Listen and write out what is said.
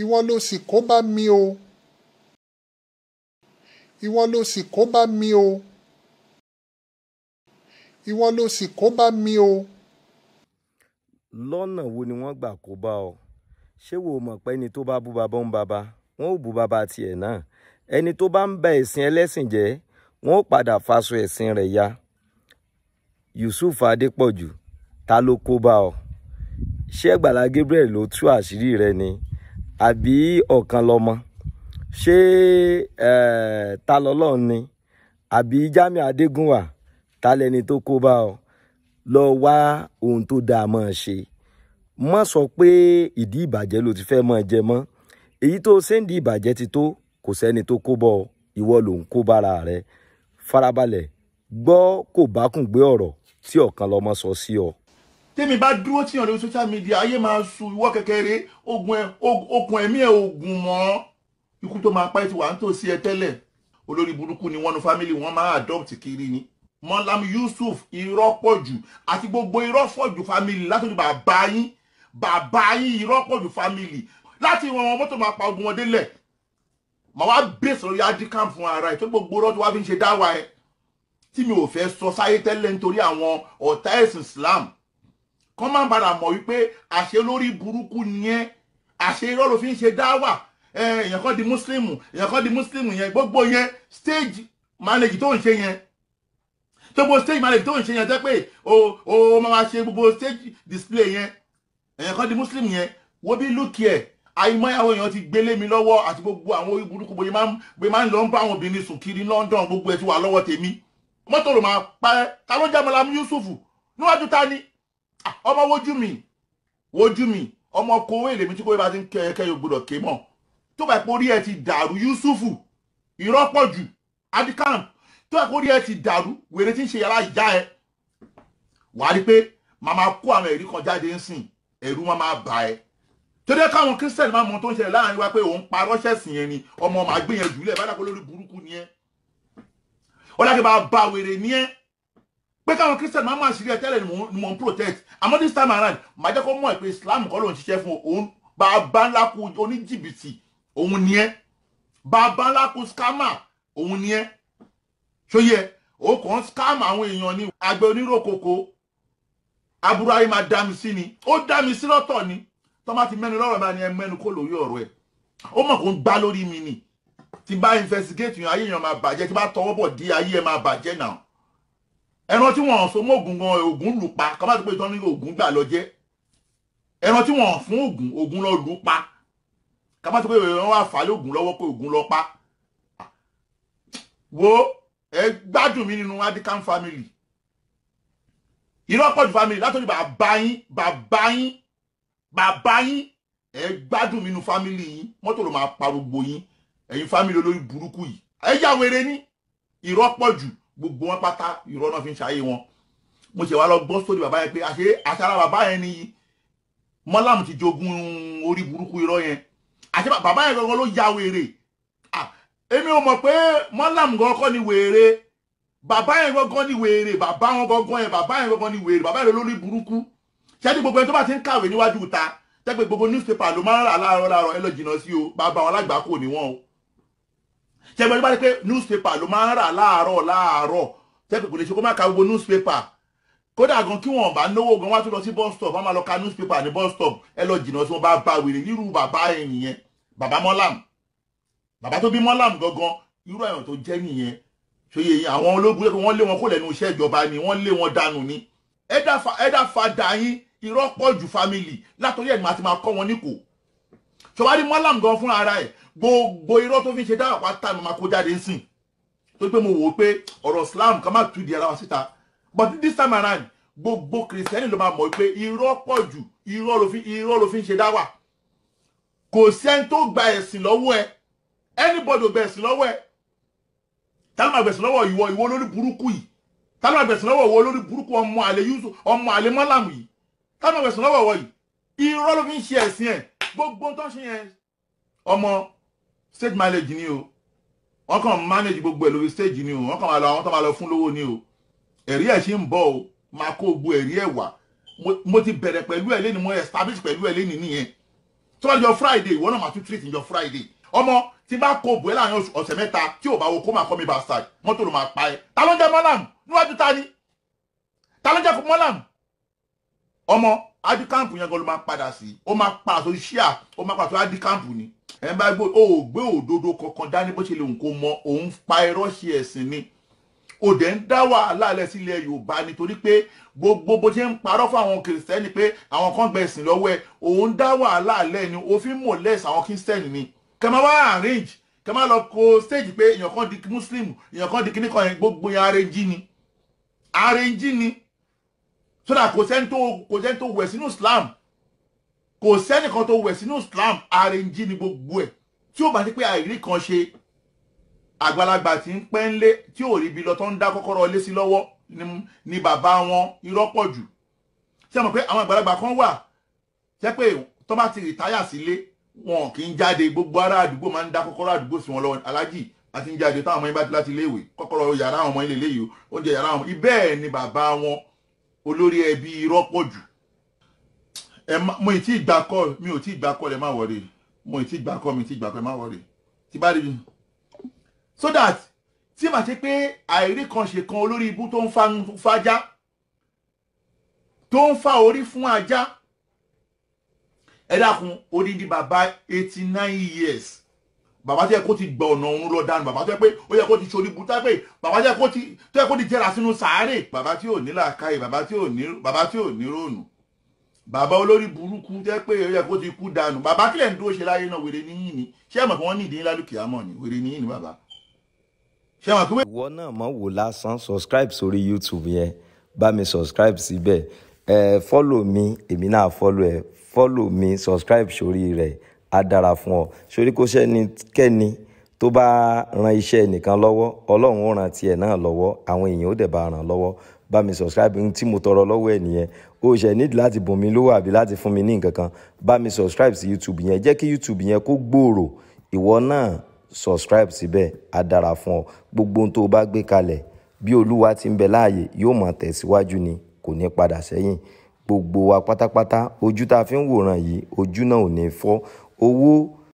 ìwọ ló sì kó bá mi o ìwọ ló sì kó bá mi o ìwọ ló sì kó bá mi o. lọ́nà wo ni wọ́n gbà kó bá ọ ṣé wo mọ̀ pé ẹni tó bá bú bàbá ń bàbá wọn ò bú bàbá tiẹ̀ náà ẹni tó bá ń ba ẹ̀sìn ẹlẹ́sìn jẹ́ wọn ò padà faṣọ ẹ̀sìn rẹ̀ ya Yusuf Adépọ̀jù ta ló kó bá ọ ṣé Àgbàlá Gabriel ló tú àṣírí rẹ ni àbí ọ̀kan lọ́mọ ṣé ta lọ́lọ́run ni àbí Jamiu Adégúnwà ta lẹni tó kó bá ọ lọ wá ohun tó dáa mọ́ ọ ṣe mọ́ sọ pé ìdí ìbàjẹ́ ló ti fẹ́ mọ́ ọ jẹ mọ́ èyí tó sẹ́ńdì ìbàjẹ́ ti tó kò sẹ́ni tó kó bọ́ ọ ìwọ ló ń kó bára rẹ farabalẹ̀ gbọ́ kò bákùn gbé ọ̀rọ̀ tí ọ̀kan lọ́mọ sọ sí ọ tèmi bá dúró tíyàn lórí social media ayé máa su ìwọ kékeré okùn ẹ̀mí ẹ̀ ogun mọ́ ikú tó máa pa ẹ̀ ti wà nítòsí ẹ tẹ́lẹ̀ olórí burúkú ni wọnú fámìlì wọn máa adopt kiri ni mọ́lám yusuf irọ́ pọ̀ jù àti gbogbo irọ́ pọ̀ jù fámìlì látọ̀jú bàbá yín bàbá yín irọ́ pọ̀ jù fámìlì láti ìwọ̀n wọn mọ́tò máa pa ogun wọn délẹ̀ mà wá bèsè lórí adikam fún ara ẹ̀ tó gbogbo irọ́ tí wàá fi ń ṣe dáwà ẹ̀ tí mi ò fẹ́ sọ sáyé tẹ́lẹ̀ nítorí àwọn ọ̀tá ẹ̀sìn islam kán má padà mọ̀ wípé àṣẹ lórí burúkú nìyẹn àṣẹ irọ́ ló fi ń ṣe dáwà èèyàn kan di mùsùlùmù èèyàn kan di mùsùlùmù yẹn gbogbo yẹn stage manage tó ń ṣe yẹn gbogbo stage manage tó ń ṣe yẹn jẹ́ pé o o máa ṣe gbogbo stage display yẹn èèyàn kan di mùsùlùmù yẹn wo bí lùkì ẹ̀ àìmọ́ àwọn èèyàn ti gbélé mi lọ́wọ́ àti gbogbo àwọn orí burúkú bóyá máa ń lọ ń bá àwọn obìnrin sùn kiri London gbogbo ẹ̀ ti wà lọ́wọ́ tèmi mọ́tò ló máa pa ẹ́ ta ló jámọ́lá Yusuf níwájú ta ni ọmọ wojú mi wojú mi ọmọ kowé lèmi tí kowé bá ti ń kẹ ẹkẹ yóò gbọdọ̀ ké mọ̀ tó bá pọ̀ orí ẹ ti dàrú Yusufu irọ́ pọ̀ jù adikam tó bá pọ̀ orí ẹ ti dàrú wèrè tí ń ṣe yàrá ìyá ẹ wàá rí pé màmá kó àwọn ẹ̀rí kan jáde ń sìn ẹ̀rú wọn máa bà ẹ́ tódé káwọn kristian máa mọ tó ń ṣẹlẹ̀ láàrin wa pé òun parọ́ ṣẹ̀sìn yẹn ni ọmọ màá gbìyànjú lẹ̀ bá dàgbọ́ lórí burúkú ni ẹ́ ọlákẹ́ bá ba wèrè ni ẹ́ pé káwọn christian máa máa ṣírí ẹ tẹ́lẹ̀ ni mò ń protect àmọ́ this time around màá jẹ́ kó mọ̀ pé islam kọ́ ló ń ṣiṣẹ́ fún òun bàbá ńlá kú oníjìbìtì òun ni ẹ́ bàbá ńlá kú scammer òun ni ẹ́ ṣóyẹ ó kàn scam àwọn èèyàn ní àgbẹ̀ oníròkòkò aburú ayé máa dá mi sí ni ó dá mi sí lọ́tọ̀ ni tó má ti mẹ́nu lọ́rọ̀ bá ní ẹ mẹ́nu kó lórí ọ̀rọ̀ ẹ̀ ó mọ̀ kó ń gbá lórí mi ni tí bá investigate yàn ayé yàn máa bàjẹ́ tí bá tọwọ́ bọ̀ dí ayé ẹ máa bàjẹ́ náà ẹran tí wọ́n so mọ́ ògùn gan ògùn lù pa kọ́má tó pé tán ní ògùn gbà lọ jẹ́ ẹran tí wọ́n fún ògùn ògùn lọ lù pa kọ́má tó pé wọ́n wá fà lé ògùn lọ́wọ́ pé ògùn lọ pa wo ẹ gbádùn mi nínú adikan family irọ́ pọ̀jù family látọ̀jú bàbá yín bàbá yín bàbá yín ẹ gbádùn mi nínú family yín mọ́tò ló máa pa gbogbo yín ẹ̀yin family olórí burúkú yìí ẹ yà wèrè ní irọ́ pọ̀jù gbogbo wọn pátá irọ́ náà fi ń ṣayé wọn mo ṣe wá lọ gbọ́ sórí bàbá yẹn pé àṣé àṣàrà bàbá yẹn ni mọ́làmù ti jogún orí burúkú irọ́ yẹn àṣé bàbá yẹn gangan ló ya wèrè èmi ò mọ̀ pé mọ́làmù gangan ni wèrè bàbá yẹn gangan ni wèrè bàbá wọn gangan yẹn bàbá yẹn gangan ni wèrè bàbá yẹn lórí burúkú ṣáàtì gbogbo ẹni tó bá ti ń kàwé níwájú ta tẹ́gbẹ̀ gbogbo newspaper ló máa ń rà láàárọ̀ láàárọ̀ ẹ lọ jìnnà sí o bàbá wọn alágbàá kò wọn o ṣe mọ̀ nípa pé newspaper ló máa ń rà láàárọ̀ láàárọ̀ tẹ́ pé kò lè ṣe kó má ka gbogbo newspaper kódà gan kí wọn bá náwó gan wá tó lọ sí bus stop wọn máa lọ ka newspaper ní bus stop ẹ lọ jìnnà tí wọn bá bá wèrè irú bàbá ènìyàn bàbá mọ́làm bàbá tó bí mọ́làm gangan irú àyàn tó jẹ́ nìyẹn ṣòye àwọn ológun lẹ́kọ̀ọ́ wọ́n lé wọn kó lẹ́nu iṣẹ́ ìjọba ni wọ́n lé wọn dànù ni ẹ̀dá fada yín irọ́ pọ̀ ju family látọ̀rí ẹ̀ máa ti máa kọ́ wọn níkòó ṣọwárí mọ́làm gan fúnra ara ẹ̀ gbogbo irọ́ tó fi ṣe dáhà pátá ni mo máa kó jáde ń sìn tó pé mo wò ó pé ọ̀rọ̀ Islam ká má tú di ara wa síta but this time around gbogbo kìrìsìtẹ́nì ló máa mọ̀ pé irọ́ pọ̀ jù irọ́ ló fi irọ́ ló fi ń ṣe dáwà kò sẹ́ni tó gba ẹ̀sìn lọ́wọ́ ẹ anybody ò gba ẹ̀sìn lọ́wọ́ ẹ tálọ́ máa gbẹ̀sìn lọ́wọ́ ìwọ ìwọ lórí burúkú yìí tálọ́ máa gbẹ̀sìn lọ́wọ́ ìwọ lórí burúkú ọmọ àlè yusuf ọmọ àlè mọ́làmù yìí tálọ́ máa gbẹ̀sìn lọ́wọ́ ìwọ yìí irọ́ ló fi ń ṣe ẹ̀sìn ẹ̀ gbogbo tó ń ṣe yẹn ọmọ stage mileage ni o wọ́n kàn manage gbogbo ẹ̀ lórí stage ni o wọ́n kàn máa lọ àwọn tó máa lọ fún lówó ni o ẹ̀rí ẹ̀ ṣe ń bọ̀ o máa kó gbogbo ẹ̀rí ẹ̀ wá mo ti bẹ̀rẹ̀ pẹ̀lú ẹ̀ lẹ́nu mo establish pẹ̀lú ẹ̀ lẹ́nu nìyẹn tó bá jọ friday ìwọ náà máa tún treat ìjọ friday ọmọ tí bá kó bọ̀ ẹ́ láàrin ọ̀sẹ̀ mẹ́ta tí ò bá wo kó máa kọ́ mi bastard mọ́tò ló máa pa ẹ́ ta ló ń jẹ́ mọ́làm níwájú ta ni ta ló ń jẹ́ mọ́làm ọmọ adikampu yẹn gan ló máa padà sí ó máa pa àtò ṣíà ó máa pa àtò adikampu ni ẹ̀ bá gbó o ò gbé òdodo kankan dání bó ṣe lè nǹkan mọ òun pa irọ́ ṣe ẹ̀sìn ni ó dẹ̀ ń dá wàhálà alẹ́ sílẹ̀ yorùbá nítorí pé gbogbo bó ṣe ń parọ́ fún àwọn kìrìsìtẹ́nì pé àwọn kan gba ẹ̀sìn lọ́wọ́ ẹ̀ òun dá wàhálà alẹ́ ni òfin mọ̀lẹ́sì àwọn kìrìsìtẹ́nì ni kẹ́mọ́ wá arrange kẹ́ lọ ko stage pé èèyàn kan di muslim èèyàn kan di kíní kan yẹn gbogbo yẹn arrange ni arrange ni sódà kò sẹ́ni tó kò sẹ́ni tó wẹ̀ sínú Islam kò sẹ́ni kan tó wẹ̀ sínú Islam àrẹ̀njí ni gbogbo ẹ̀ tí ó bá ti pé àìrí kan ṣe àgbàlagbà tí ń pẹ́ ń lé tí ò rí ibi lọ tó ń dá kọ́kọ́rọ́ lé sí lọ́wọ́ ni bàbá wọn irọ́ pọ̀ jù ṣé mọ̀ pé àwọn àgbàlagbà kan wà ṣé pé tó bá ti rìtáyà sílé wọn kì í jáde gbogbo ará àdúgbò máa ń dá kọ́kọ́rọ́ àdúgbò sí wọn lọ́wọ́ alájì àti ń jáde táwọn ọmọ yín bá ti láti iléèwé kọ́kọ́rọ́ yàrá àwọn ọmọ ilé léyìí oúnjẹ yàrá àwọn ibẹ̀ ni bàbá wọn olórí ẹbí irọ́ pọ̀ jù mo ì tí ì gbà kọ́ mi ò tí ì gbà kọ́ ẹ má wọ̀rẹ́ mo ì tí ì gbà kọ́ mi ì tí ì gbà kọ́ ẹ má wọ̀rẹ́ ti bá rí mi so that tí màá ṣe pé àìrí kan ṣe kan olórí ibú tó ń fa ajá tó ń fa orí fún ajá ẹ dákun odidi bàbá eighty nine years bàbá tó yẹ kó ti gba ọ̀nà òun lọ dànù bàbá tó yẹ pé ó yẹ kó ti ṣorí buta pé bàbá tó yẹ kó ti tó sínú sàárè bàbá tí ò ní làákàyè bàbá tí ò ní rònú bàbá olórí burúkú tó yẹ pé ó yẹ kó ti kú dànù bàbá kílẹ̀ ń dúró ṣe láyé náà wèrè níyìn ni ṣé àmọ̀ kí wọ́n ní ìdí ńlá ìwọ náà mọ̀ wò lásán subscribe sórí YouTube yẹn bá mi subscribe síbẹ̀ ẹ follow mi èmi náà follow ẹ follow mi subscribe sórí rẹ̀ á dára fún ọ sórí kó sẹ́ni kẹ́ni tó bá ran iṣẹ́ ẹnìkan lọ́wọ́ ọlọ́run ó ran tiẹ̀ náà lọ́wọ́ àwọn èèyàn ó dẹ̀ bá ràn lọ́wọ́ bá mi subscribe tí mo tọrọ lọ́wọ́ ẹ̀ nìyẹn o ṣe need láti bùn mí lówó àbí láti fún mi ní nǹkan kan bá mi subscribe sí YouTube yẹn jẹ́ kí YouTube yẹn kó gbòòrò ìwọ náà subscribe síbẹ̀ á dára fún ọ gbogbo ohun tó o bá gbé kalẹ̀ bí olúwa ti ń bẹ láàyè yóò máa tẹ̀síwájú ni kò ní padà sẹ́yìn gbogbo wa pátápátá ojú tá a fi ń wòran yìí ojú náà ò ní fọ́ owó